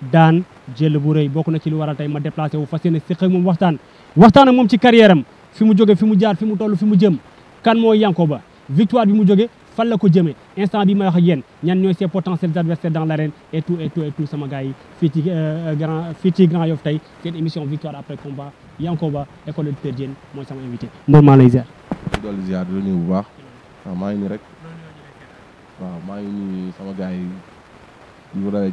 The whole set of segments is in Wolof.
daan jël bu rëy bokk na ci lu waral tey ma déplacé wu fas yéene séq ak moom waxtaan waxtaan ak moom ci carrière am fi mu jóge fi mu jaar fi mu toll fi mu jëm kan mooy Yankoba victoire bi mu jóge fan la ko jëmee instant bi may wax ak ñan ñooy ses potentiels adversaires dans l'arène et tout et tout et tout sama gars yi fii ci euh, grand fii ci Grand Yoff tey seen émission victoire après combat Yankoba école de Père Diène mooy sama invité mbor maa lay ziar doolu ziar di la nuyu bu baax waaw maa ngi nii rek sama gars yi ñu dalee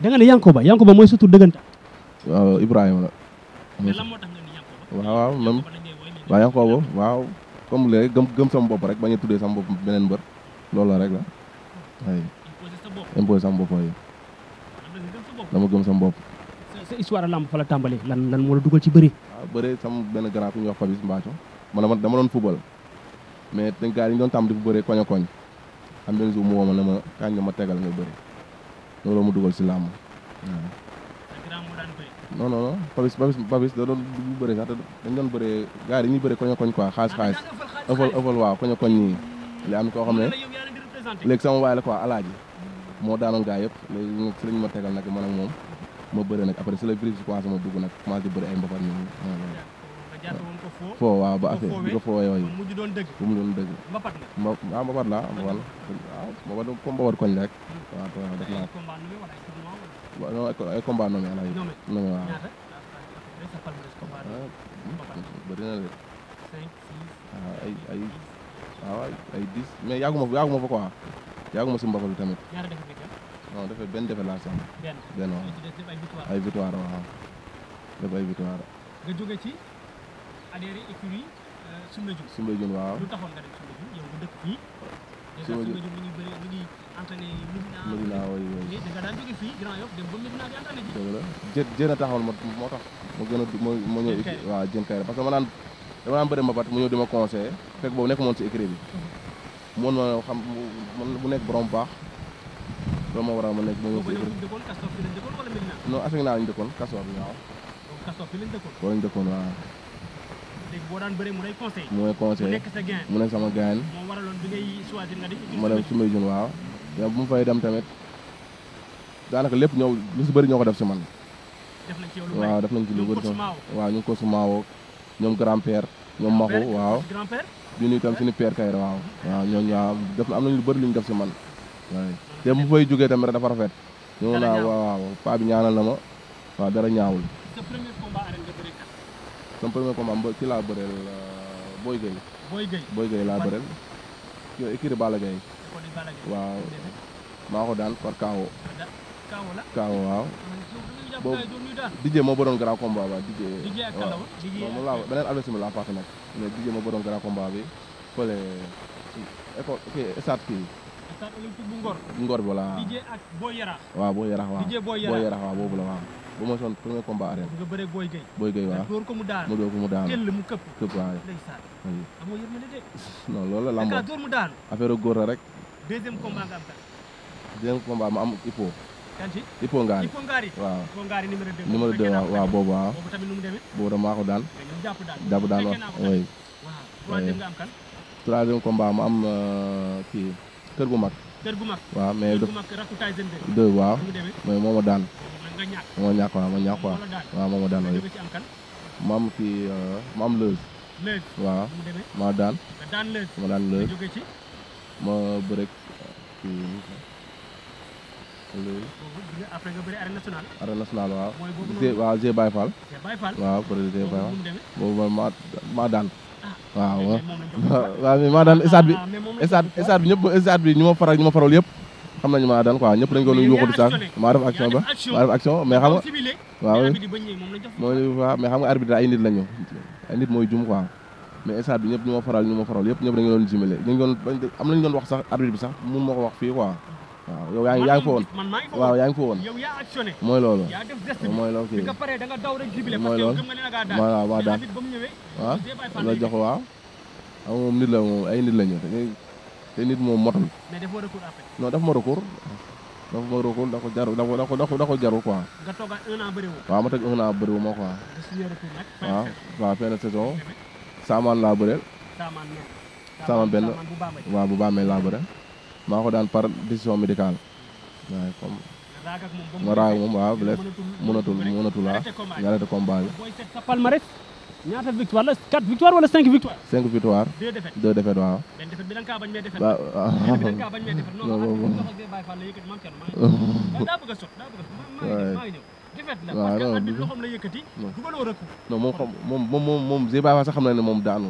da nga ne Yankoba Yankoba mooy sa tur dëgganta waaw Ibrahima la waaw waaw même waaw Yankoba waaw comme léegi gëm gëm sama bopp rek bañ a tuddee sama bopp beneen mbër loolu la rek la waaye imposé sama bopp waaye dama gëm sama bopp sa histoire lan lan dugal ci bëri waaw bëri sama benn grand ku ñuy wax Fabis Mbaaco ma dama doon football mais dañ gars yi ñu doon tàmm di fu bëree koñ koñ am benn jour mu woo ma ne ma kañ nga ma tegal nga bëri loolu mu dugal si làmb waaw. non non non da doon dugg bëre sax dañ doon bëree gars yi ñu bëre koñ koñ quoi xaalis xaalis ëffal ëffal waaw koñ koñ nii li am koo xam ne léegi sama waay la quoi alaaji moo daanoon gars yëpp léegi si lañ ma tegal nag man ak moom ma bëre nag après si la brise commencé ma dugg nag commencé di bëre ay mbapat ñu foo waaw ba affaire bi nga foowee waaye mu doon dëgg mbapat la waaw ah, mbapat la waaw mbapat comme rek waaw ay combat mais yaaguma yaaguma fa quoi yaaguma si mbapat bi tamit benn defee laa sàmm benn waaw ay victoire waaw def ay victoire adhéré écurie euh, jë jën a taxawal ma moo tax. ma gën a ma ma ñëw waaw jën kay parce que ma naan dama naan bëri mbapat mu ñëw di ma conseillé fekk boobu nekk moon si écurie bi. mën mhm. ma xam man bu nekk borom baax loolu moo waral ma nekk ma ñëw si écurie bi. non Aseg naa lañ dëkkoon Kastoor bi waaw. Kastoor fi dëkkoon. foo mu may mu nekk sama gaañ ma dem su may jun waaw yow mu fay dem tamit daanaka lépp ñoo lu si bëri ñoo ko def si man waaw def nañ ci lu bëri ko sumaawo ñoom grand père ñoom maxu waaw di nuyu tam nañ lu bëri lu ñu def si man waaw te mu fay jógee tamit dafa rafet ñëw naa waaw paa ñaanal na ma waaw dara ñaawul sama premier combat ba ki laa bëreel euh, Boy Gueye. Boy laa bëreel. kii kii di Balla waaw maa ko daan par Kaawo. Kaawo waaw. boobu moo bëroon grand combat ba ak Boy Yaraax. waaw waaw boobu la waaw. bu ma son premier combat arène. mu door ko mu daanu. loolu la lamb affaire góor la rek. deuxième combat nga am am Ipo. kan ci Ipo waaw boobu waaw. boobu tamit mu demee. daan. jàpp daan waaw troisième nga am am euh, kër gu mag. waaw mais. kër gu daan. moo ñàkk waaw moo a waaw waaw moom moo daan waaye ma daan lëz euh, ma bërek kii léegi après waaw. waaw Zé Baye Fall. waaw daan. waaw ah. waaw mais daan stade bi. Ah, stade bi ñëpp stade bi ñu ma faral ñu ma faral yëpp. xam nañu maa daan quoi ñëpp dañ ko doon yuuxatu sax maa def action ba maa def action mais xam nga waaw moom waaw mais xam nga arbitre ay nit lañu ay nit mooy jum quoi mais stade bi ñëpp ñu ma faral ñu ma faral yëpp ñëpp dañu doon jimale dañu doon am nañu doon wax sax arbitre bi sax mun ma ko wax fii quoi waaw yow yaa ngi yaa ngi fa woon waaw yaa ngi fa woon mooy loolu mooy loolu kii mooy loolu ah, waaw waaw daan waaw la jox waaw xam moom nit la moom ay nit lañu te nit moom motul. mais daf ma recours après. non ma recours. daf ma recours da ko jaru da ko da ko da ma toj un an ma quoi. waaw waaw fin de saamaan laa bëreel. saamaan benn. saamaan bu baax laa bëreel. maa ko daan par décision médicale. ma raag moom waaw lépp mënatul mënatul waaw nga arrêté combat bi. ñaata victoire la 4 victoire wala victoire. 5 victoire. waaw. bi bi da nga kaa bañ may défaite. non non non non moom xam moom moom moom xam na ne moom daanu.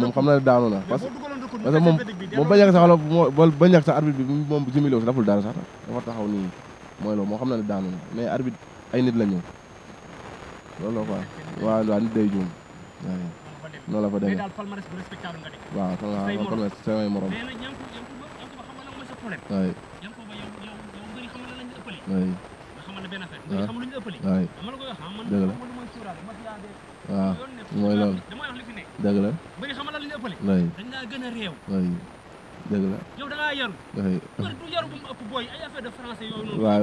moom xam na ne daanu parce que a sax wala moo bañ a sax arbitre bi moom jëmiloo si daful dara sax dafa taxaw nii mooy loolu moo xam na ne daanu na mais arbitre ay nit la loolu la quoi waaw waaw nit day juum noonu la fa demee waaw kon waaw kon samay morom waay waay waaw waay dëgg la dëgg la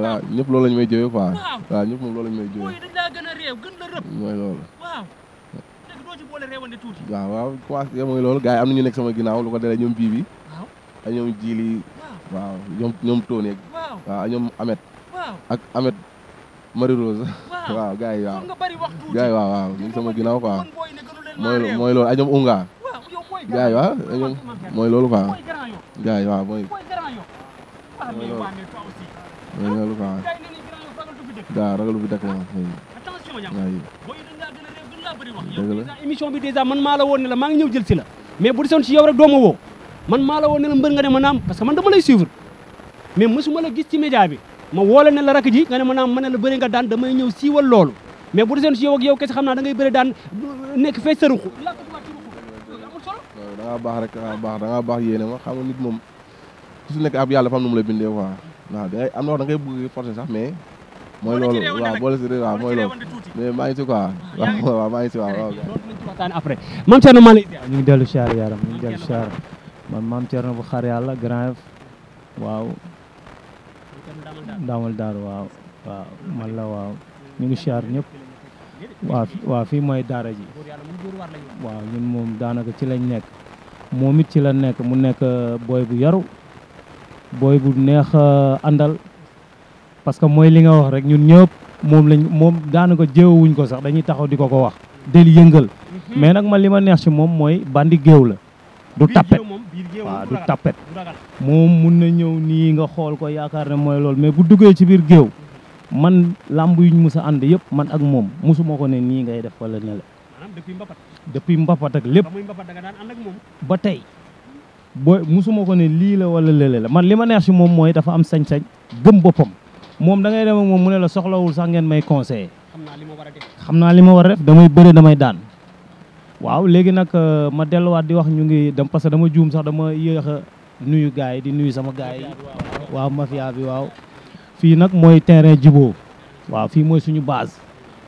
waaw waaw ñëpp loolu lañ may jëwee quoi. waaw lañ may jëwee. booy dañ laa waaw léegi doo mooy loolu gars yi am na ñu nekk sama ginnaaw lu ko delee ñoom bii bi. waaw ak ñoom jiili. waaw ñoom ñoom Toneeg. waaw waaw ñoom Amet. ak Amet Marie Rose. waaw gars yi waaw. waaw ñu sama ginnaaw quoi. mooy mooy loolu ak ñoom Unga gars yi waaw mooy loolu quoi gars yi waaw mooy mooy loolu mooy loolu quoi gaa ragalu fi dëkk moom. émission bi dèjà man maa la woon ne la maa ngi ñëw jël si la mais bu desoon si yow rek doo ma woo man maa la woon ne la mbër nga ne ma naam parce que man dama lay suivre mais mësuma la gis ci média bi ma woole ne la rak ji nga ne ma naam ma ne la bëri nga daan damay ñëw siiwal loolu mais bu desoon si yow ak yow kese xam naa da ngay bëri daan nekk fee sëruxu dangaa baax rek dangaa baax dangaa baax yéene ma xam nga nit moom ku si nekk ab yàlla fa am nu mu la bindee quoi waaw dangay am na wax da ngay bëgg forcé sax mais mooy loolu waaw boole si réew waaw mooy loolu mais maa ngi si quoi waaw ah, waaw maa ngi si waaw waaw waxtaan après maam Thierno maa lay ñu ngi dellu siyaar yaram ñu ngi dellu siyaar man maam Thierno bu xaar yàlla grand waaw ndaamal daaru waaw waaw man la waaw ñu ngi siyaar ñëpp waaw waaw fii mooy daara ji waaw ñun moom daanaka ci lañ nekk momit ci la nek mu nek boy bu yaru boy bu neex andal parce que moy li nga wax rek ñun ñepp mom lañ moom daanaka jéewuñ ko sax dañuy taxaw di ko wax del yeengal mhm. mais nak man lima neex ci mom moy bandi géew la du tapet wa du tapet Mom mën na ñëw ni nga xol ko yaakar ne moy loolu mais bu duggé ci bir man lamb yuñ mus and yépp man ak mom, musu moko ne ni ngay def wala ne la depuis mbapat ak lépp ba tey booy musuma ko ne lii la wala lële la man li ma neex si moom mooy dafa am sañ-sañ gëm boppam moom da ngay dem moom mu ne la soxlawul sax ngeen may conseiller xam naa li ma war rek def damay bëre damay daan waaw léegi nag euh, ma delluwaat di wax ñu ngi dem parce que dama juum sax dama yéex a nuyu gars yi di nuyu sama gars yi waaw mafia bi waaw fii nag mooy terrain jiboo waaw fii mooy suñu base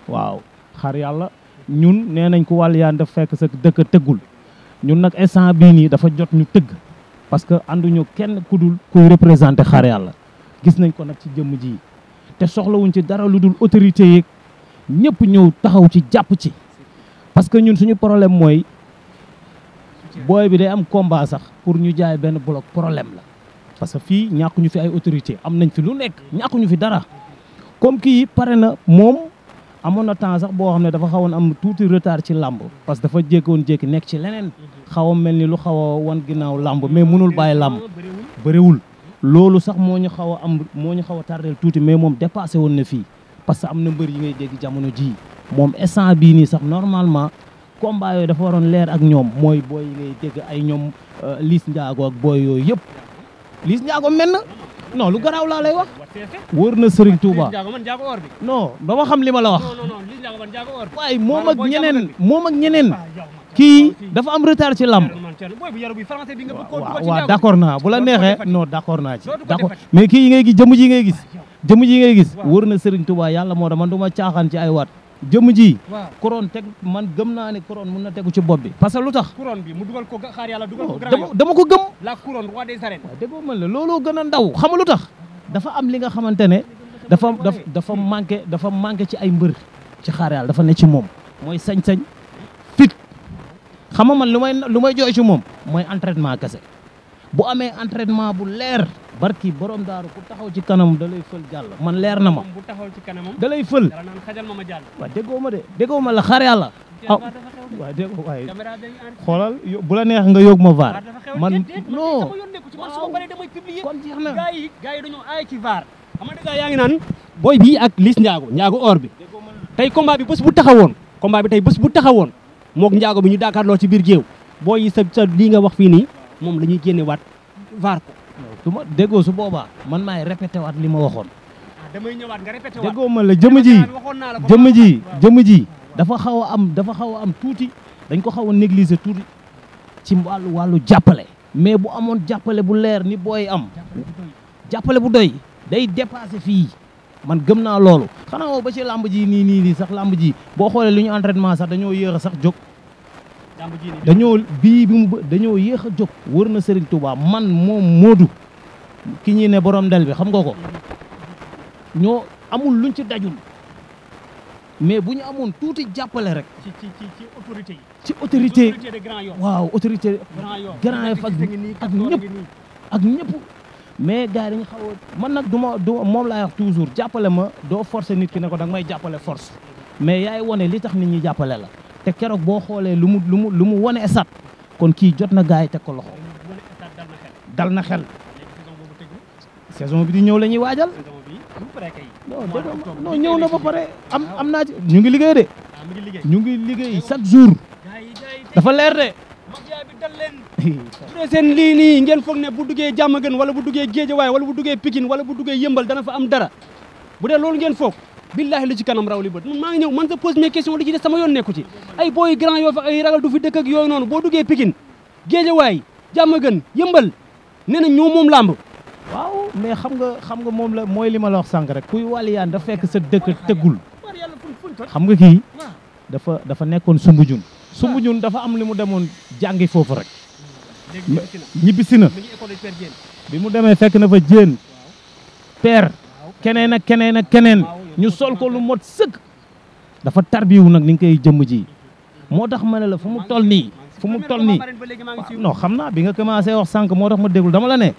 waaw xar yàlla ñun nee nañ ko wàll yaan fekk sa dëkk tëggul ñun nag instant bii nii dafa jot ñu tëgg parce que ànduñu kenn ku dul kuy représenté xaar yàlla gis nañ ko nag ci jëmm ji te soxlawuñ ci dara lu dul autorité yeeg ñëpp ñëw taxaw ci jàpp ci parce que ñun suñu problème mooy booy bi day am combat sax pour ñu jaay benn bloc problème la parce que fii ñàkkuñu fi ay autorité am nañ fi lu nekk ñàkkuñu fi dara comme kii pare na moom amoon na temps sax boo xam ne dafa xawoon am tuuti retard ci làmb parce que dafa jékkoon jékki nekk ci leneen xaw a mel ni lu xaw a wan ginnaaw làmb mais mënul bàyyi làmb bëriwul loolu sax moo ñu xaw a am moo ñu xaw a tardeel tuuti mais moom dépassé woon na fii parce que am na mbër yi ngay dégg jamono jii moom instant bii nii sax normalement combat yooyu dafa waroon leer ak ñoom mooy booy yi ngay dégg ay ñoom euh, liis Ndiago ak booy yooyu yëpp Liss Ndiago mel na non lu garaaw laa lay wax. wër na Serigne Touba. non dama xam li ma la wax. waaye moom ak ñeneen moom ak ñeneen. kii dafa am retard ci lamb. waaw waaw d' accord naa bu la neexee non d' accord naa ci d' accord mais kii yi ngay gis jëmm ji ngay gis. jëmm ji ngay gis wër na Serigne Touba yàlla moo dama du ma caaxaan ci ay waat. jëmm ji. waaw couronne teg man gëm naa ne couronne mun na tegu ci bopp bi. parce que lu tax. couronne bi mu dugal ko xaar yàlla dugal ko. Oh, dama dama ko gëm. la couronne roi des arènes. waaw déggoo man la looloo gën a ndaw xam nga lu tax. dafa am li nga xamante ne dafa dafa manqué dafa manqué ci ay mbër ci xaar dafa ne ci moom. mooy sañ-sañ fit xam nga man lu may lu may jooy ci moom mooy entraînement kese bu amee entraînement bu leer. barki boroom daaru ku taxaw ci kanam da lay fël jàll man leer na ma bu taxaw ci kanamam da lay fël dara naan xajal ma ma jàll déggoo ma de déggoo ma la xaar yàlla ah waaw déggoo waaye xoolal bu la neex nga yóg ma vaar man non kon jeex na gars yi ngi naan booy bii ak Liss Ndiago Ndiago or bi tey combat bi bés bu taxawoon combat bi tey bës bu taxawoon mook Ndiago bi ñu daakaarloo ci biir géew booy yi sa sa lii nga wax fii nii moom la ñuy génne waat vaar ko su ma déggoo su boobaa man maay répété waat li ma waxoon. Ah, damay ñëwaat nga répété waat déggoo ma la jëmm ji jëmm ji jëmm ji dafa xaw a am dafa xaw a am tuuti dañ ko xaw a négliger tuuti ci wàllu wàllu jàppale. mais bu amoon jàppale bu leer ni booy am jàppale bu doy day dépassé fii man gëm naa loolu. xanaa woo ba ci làmb jii nii nii nii sax làmb ji boo xoolee li ñu entraînement sax dañoo yéex a sax jóg. dañoo bii bi mu dañoo yéex a jóg. wër na sëriñ Touba man moom Modou. ki ñuy ne borom ndel bi xam nga ko ñoo amul luñ ci dajul mais bu ñu amoon tuuti jàppale rek. ci ci ci autorité yi. ci autorité waaw autorité. Grand Yoff ak ñëpp ak ñëpp. mais gars yi xaw man nag du ma du moom laay wax toujours jàppale ma doo forcer nit ki ne ko danga may jàppale force mais yaay wane li tax nit ñi jàppale la te keroog boo xoolee lu mu lu mu lu mu wane esat kon kii jot na gars yi teg ko dal na xel. saison bi di ñëw la ñuy waajal. non ñëw na ba pare am am naa ci ñu ngi liggéey de. ñu ngi liggéey chaque jour. dafa leer de. mafia bi dal leen. bu seen lii nii ngeen foog ne bu duggee Diamaguène wala bu duggee Guédiawaye wala bu duggee Pikine wala bu duggee Yëmbal dana fa am dara bu dee loolu ngeen foog. billahi lu ci kanam raw li bët man maa ngi ñëw man sa pose mes questions li ci des sama yoon nekku ci ay booy grand yoo ay ragal du fi dëkk ak yooyu noonu boo duggee Pikine Guédiawaye Diamaguène Yëmbal nee na ñoo moom làmb waaw mais xam nga xam nga moom la mooy li ma la wax sànq rek kuy waliyaan da fekk sa dëkk tëggul xam nga kii dafa dafa nekkoon sumbu jun sumbu jun dafa am li mu demoon jàngi foofu rek ñibbisi na bi mu demee fekk na fa jéen père keneen ak keneen ak keneen ñu sol ko lu mot sëkk dafa tarbiwu nag ni nga koy jëmm ji moo tax ma ne la fu mu toll nii fu mu toll nii non xam naa bi nga commencé wax sànq moo tax ma déglu dama la ne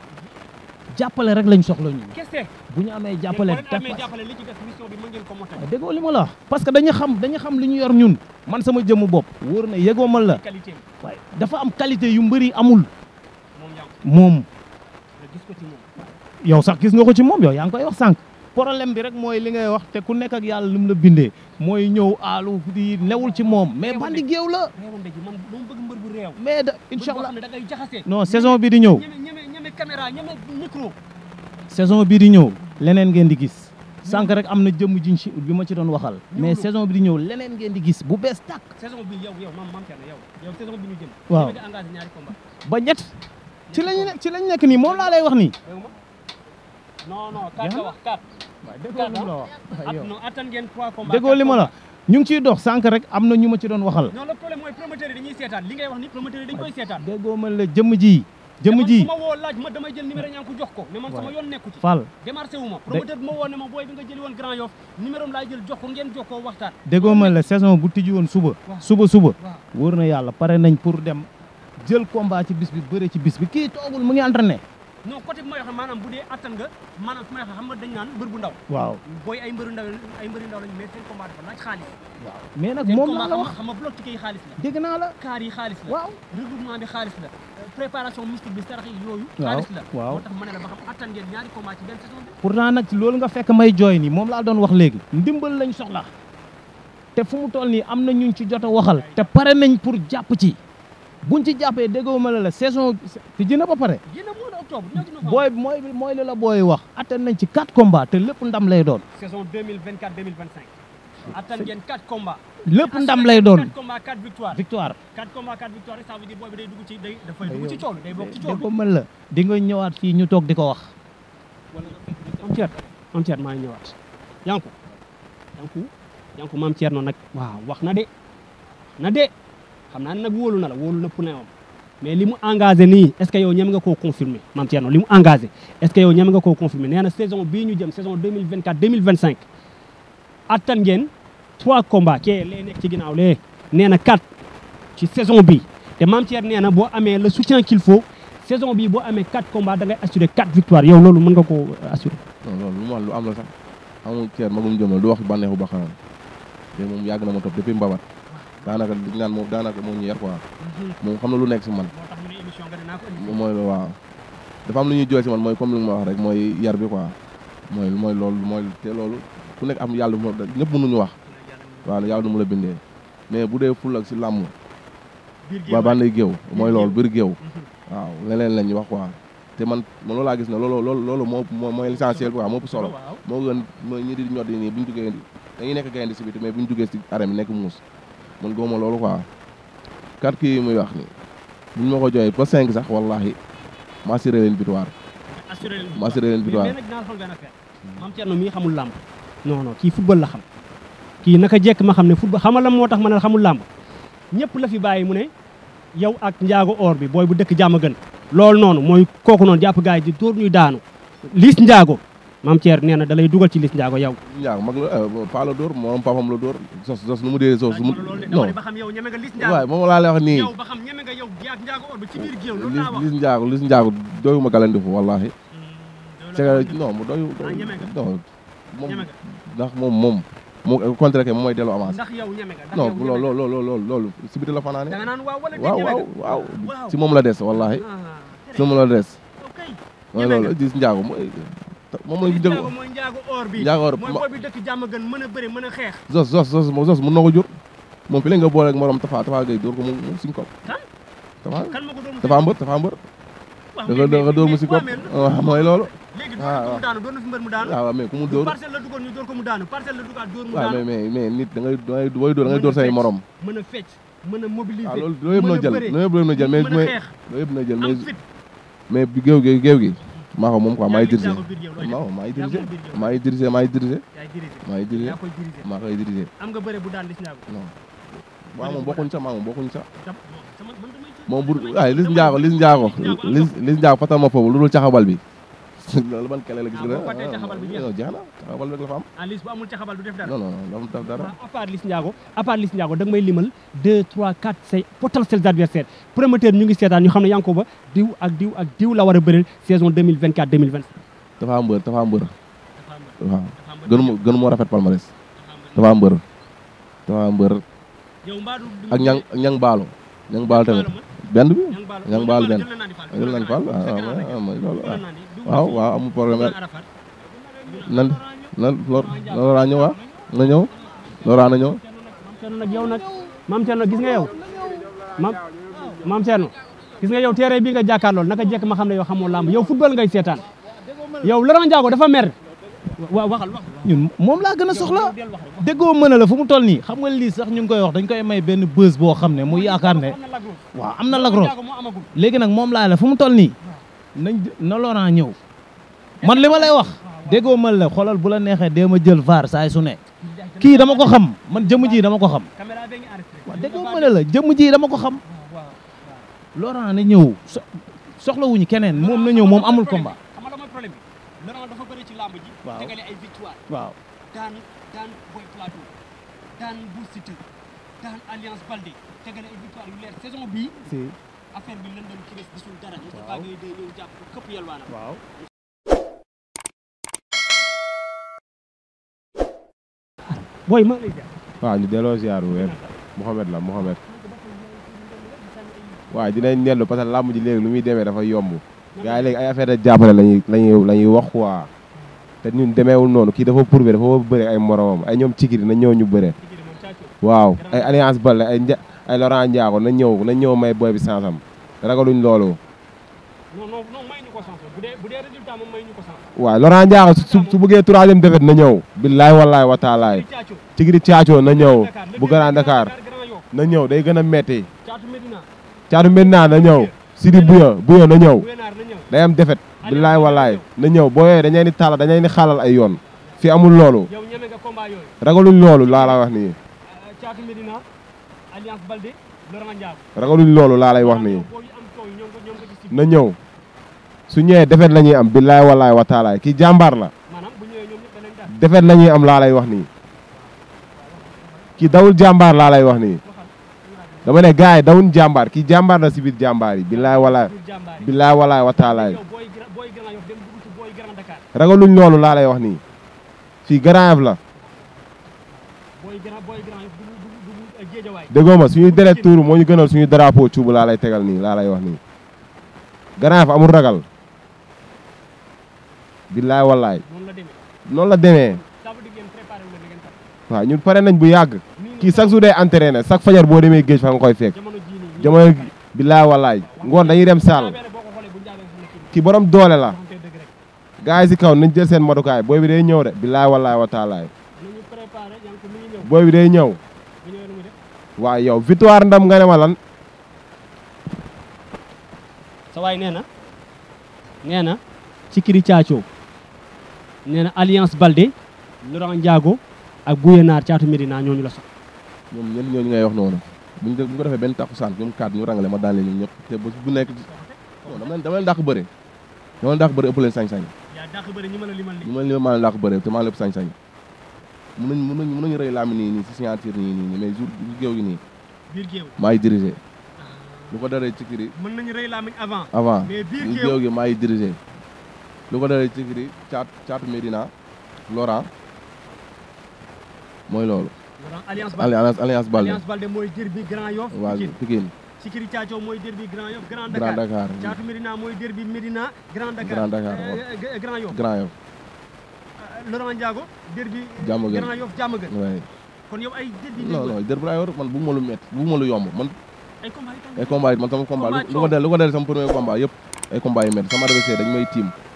jàppale rek lañ soxla ñun bu ñu amee jàppale déggoo li ma la parce que dañu xam dañu xam li ñu yor ñun man sama jëmmu bopp wóor na yegoo man la waaye dafa am qualité yu mbëri amul moom yow sax gis nga ko ci moom yow yaa ngi koy wax sànq problème bi rek mooy li ngay wax te ku nekk ak yàlla lu la bindee mooy ñëw aalu di newul ci moom mais bandi géew la mais da incha allah non saison bi di ñëw caméra ñeme micro. saison bii di ñëw leneen ngeen di gis sànq rek am na jëmm jiñ si bi ma ci doon waxal. mais saison bi di ñëw leneen ngeen di gis bu bees tàkk. saison bi yow yow maam maam yow yow saison bi ñu jëm. waaw ba ñett ci lañ ci lañ nekk nii moom laa wax ni non non kat nga wax kat. waaw déggoo ah. li ma la wax ñu ngi ciy dox sànq rek am na ñu ma ci doon waxal. non le problème mooy li ngay wax ni promoteur yi dañ koy seetaan. déggoo ma la jëmm ji jëmm ji ma woo laaj ma damay jël numéro ñaanku jox ko mais man sama yoon nekku ci Fall démarché wu ma promoteur bi ma ne ma booy bi nga jëli woon Grand Yoff numéro am jël jox ngeen jox waxtaan déggoo ma la saison bu tijji woon suba suba suba wóor na yàlla pare nañ pour dem jël combat ci bis bi bëre ci bis bi kii toogul mu ngi entraîné non côté bi may wax maanaam bu dee attan nga maanaam su may wax xam nga dañ naan mbër bu ndaw waaw booy ay mbëru ndaw ay mbëru ndaw lañu mais seen combat dafa laaj xaalis waaw mais nag moom laa la wax xam nga bloc ticket yi xaalis la dégg naa la kaar yi xaalis la waaw regroupement bi xaalis la préparation mystique bi sarax yi yooyu xaalis la waaw moo tax ma ne la ba xam attan ngeen ñaari combat ci benn saison bi pourtant nag loolu nga fekk may jooy ni moom laa doon wax léegi ndimbal lañ soxla te fu mu toll nii am ñun ci jot a waxal te pare nañ pour jàpp ci buñ ci jàppee déggoo ma la saison te jëna ba pare octobre booy bi mooy mooy li la booy wax atteindre nañ ci 4 combats te lépp ndam lay doon. saison 2024 2025. atteindre ngeen 4 combats. lépp ndam lay doon 4 combats 4 victoire. victoire 4 bi day dugg ci day dafay dugg ci coono day bokk ci coono. mën la di nga ñëwaat fii ñu toog di ko wax. am ceer am maa ngi ñëwaat. yanku yanku yanku maam ceer na nag waaw wax na de na de xam naa nag wóolu na la wóolu na puneewam. mais limu engagé ni est ce que yow ñam nga ko confirmer mam Thierno limu engagé est ce que yow ñam nga ko confirmer nee saison bi ñu jëm saison 2024 2025 attan ngeen trois combats kee lee nek ci ginaaw lee nee quatre ci saison bi te mam Thierno nee bo amé le soutien qu'il faut saison bi bo amé quatre combats da ngay assurer quatre victoires yow lolu mën nga ko assurer. non lolu lu lu am la sax amul Thierno magum jëmal du wax banexu ba xanaan te yag na mo top depuis Mbabat. daanaka dañ naan moom daanaka moo ñu yar quoi mhm. moom xam na lu nekk si man mooy waaw dafa am lu ñuy jooy si mooy comme li ma wax rek mooy yar bi quoi mooy mooy loolu mooy te loolu ku nekk am yàlla mo ñëpp mënuñu wax waaw yàlla nu mu la bindee mais bu dee ak si làmm ba banday géew mooy loolu biir géew mhm. waaw leneen lañ wax quoi te man man loolu laa gis ne loolu loolu loolu moo mooy l'essentiel quoi moo ëpp solo moo gën mooy ñi di ñod yi nii bu ñu jugee dañuy nekk gaynde si biti mais bu ñu jugee si arène nekk muus man góoma loolu quoi quatre kii yi muy ni buñ ma ko joxee ba cinq sax wallahi ma assuré leen victoire ah, ma assuré leen victoire mais nag dinaa xool benn affaire maam xamul làmp non non kii football la xam kii naka jekk ma xam ne football xamal la moo tax ma ne xamul làmb ñëpp la fi bàyyi mu ne yow ak njaago or bi booy bu dëkk jàmm lool noonu mooy kooku noonu jàpp gars yi di dóor ñuy daanu liis njaago maam Thierre nee na da dugal ci Liss Ndiago yow. Ndiago mag la euh, paa la dóor moom papam la dóor sos sos nu mu dee sos. non waaye moom laa lay wax nii Liss Ndiago Liss Ndiago doyu ma galandiku wallaahi. Mm, c'est non mu doyu ah, non moom ndax moom moom. mu contre que mooy delloo avance. ndax yow ñeme nga non loolu loolu loolu loolu si biti la fanaane. da nga naan waaw wala waaw waaw waaw si moom la des wallaahi. Ah, si moom la des. mooy loolu Liss Ndiago mooy. moom la ñu mooy njaago or bi njaago or mooy booy bi dëkk a bëri mën a xeex zos zos zos moom zos na ko jur moom fi la nga boole ak morom tafa tafa gay dóor ko mu mu suñ kopp tafa tafa mbër da nga dóor si kopp mooy loolu léegi ah, mu daanu na fi mbër mu daanu ah, waaw mais ku mu dóor parcelle la duggoon mu daanu parcelle mais nit da ngay dangay booy dóor da ngay dóor morom mën a fecc mën a mobiliser ah, loolu loolu yëpp na jël loolu yëpp na jël mais loolu yëpp na jël mais mais géew gi géew gi maa ko moom quoi maay dirigé maa ko maay dirigé maay dirigé maay dirigé maay dirigé maa koy dirigé non waaw moom bokkuñ sa maa moom bokkuñ sa moom bu waaye lis njaago lis njaago lis njaago fatal ma foofu lu dul caxabal bi loolu ban kele la gis nga. waaw da nga may limal 2 3 4 say potentiels adversaires promoteur ñu ngi a bëreel saison 2024 2025. mbër dafa mbër. waaw gënu ma gënu ma rafet palmarès. dafa am mbër dafa am mbër. ak ñang baalo ñang baalo tamit. benn bi ñang baal benn jël nañ faal ah, waaw mooy loolu ah. waaw waaw amul problème nan ñëw waa na ñëw looraa na ñëw Cerno nag yow nag gis nga yow maam maam Cerno gis nga yow terrain bi nga jàkkaarlool naka jekk ma xam ne yow xamoo làmb yow football ngay seetaan yow Laurent Ndiago dafa mer waaw waxal wax moom laa gën a soxla déggoo mën a la fu mu toll nii xam nga lii sax ñu ngi koy wax dañ koy may benn bës boo xam ne mu yaakaar ne waaw am na lagros léegi nag moom laa la fu mu toll nii nañ na Laurent ñëw man li ma lay wax déggoo mën la xoolal bu la neexee dee ma jël vaar saay su nekk kii dama ko xam man jëmm jii dama ko xam waaw déggoo mën la jëmm ji dama ko xam Laurent na ñëw soxlawuñu keneen moom na ñëw moom amul combat waaw dégale ay victoire. waaw daan daan Boy Plateau daan Bou Siteu daan Alliance Baldé tegale ay victoire yu leer saison bii. si affaire bi lëndëm ci des gisul dara. waaw Moustapha Gueye day ñëw jàpp ko këpp yalwaanam. waaw. booy ma lay jaar. waaw ñu delloo ziar bu wér Mouhamed la Mouhamed. waaw dinañ dellu parce que làmb ji léegi lu muy demee dafa yomb. gars yi léegi ay affaire de jàppale lañuy lañuy la ñuy wax waa te ñun demeewul noonu kii dafa prouvé dafa war bëre ay moromam ay ñoom cigiri na ñëw ñu bëre waaw ay alliance Baldé ay ay Laurent na ñëw na ñëw may booy bi sansam ragaluñ loolu waaw Laurent Ndiago su su bëggee troisième na ñëw billaay wallaay wa taalaay caacoo na ñëw bu Grand Dakar na ñëw day gën a metti caatu Medina na ñëw Sidi Buya Buya na ñëw day am défaite billaay wallaay na ñëw boo yooyu dañuy ni tàll dañuy ni xaalal ay yoon fii amul loolu ragoluñ loolu laa la wax nii ragaluñ loolu laa euh, wax nii na ñëw su ñëwee defet la ñuy am billaay walaay wa kii jàmbaar la defet la am laa lay wax nii kii dawul jàmbaar laa lay wax nii dama ne gars yi dawuñ jàmbaar kii jàmbaar la si biir jàmbaar yi billaay walaay billaay walaay ragaluñ loolu laa lay wax nii fii Grand la déggoo ma suñu deret tuuru moo ñu gënal suñu drapeau cuubu laa lay tegal nii laa lay wax nii Grand Yoff amul ragal billaay wallaay noonu la demee waa ñun pare nañ bu yàgg kii chaque jour day na sak fajar boo demee géej fa nga koy fekk jamono billaay wallaay ngoon dañuy dem saal ki borom doole la gars yi kaw nañ jël seen motukaay boy bi day ñew de billahi wallahi wa taalaay boy bi day ñew wa yow victoire ndam nga ne ma lan sa way neena neena ci kiri caacoo neena alliance Balde Laurent Ndiago ak Gouyenaar caatu Medina ñooñu la sax ñom ñen ñooñu ngay wax noonu buñ ko defé ben takusan ñom kaat ñu rangalé ma dalé ñun ñep té bu nekk non dama leen dama leen dakk bëre ñoo leen dàq bëri ëpp leen sañ-sañ ñi ma li maa leen dàq bëri te maa leen ëpp sañ-sañ mën nañ mën nañu rëy laami nii nii si signature nii nii mais jour géew gi nii maay dirigé ah. lu ko daree ci kiri mën nañu rëy laami avant avant géew gi maay dirigé lu ko daree ci kiri caat caatu Médina Laurent mooy loolu alliance Balde alliance Balde mooy jër bi Grand Yoff waaw Pikine Sikiri Caaco mooy derbi Grand Yoff Grand Dakar Grand Médina mooy derbi Médina Grand Dakar Grand Dakar eh, eh, Grand Yoff Grand Yoff eh, Laurent Ndiago derbi Diamaguène Grand Yoff Diamaguène kon yow ay derbi non non derbi laa man bu ma lu yomb man ay combat ay combat man sama combat lu ko del lu ko del sama premier yëpp ay combat yu métti sama dañ may tiim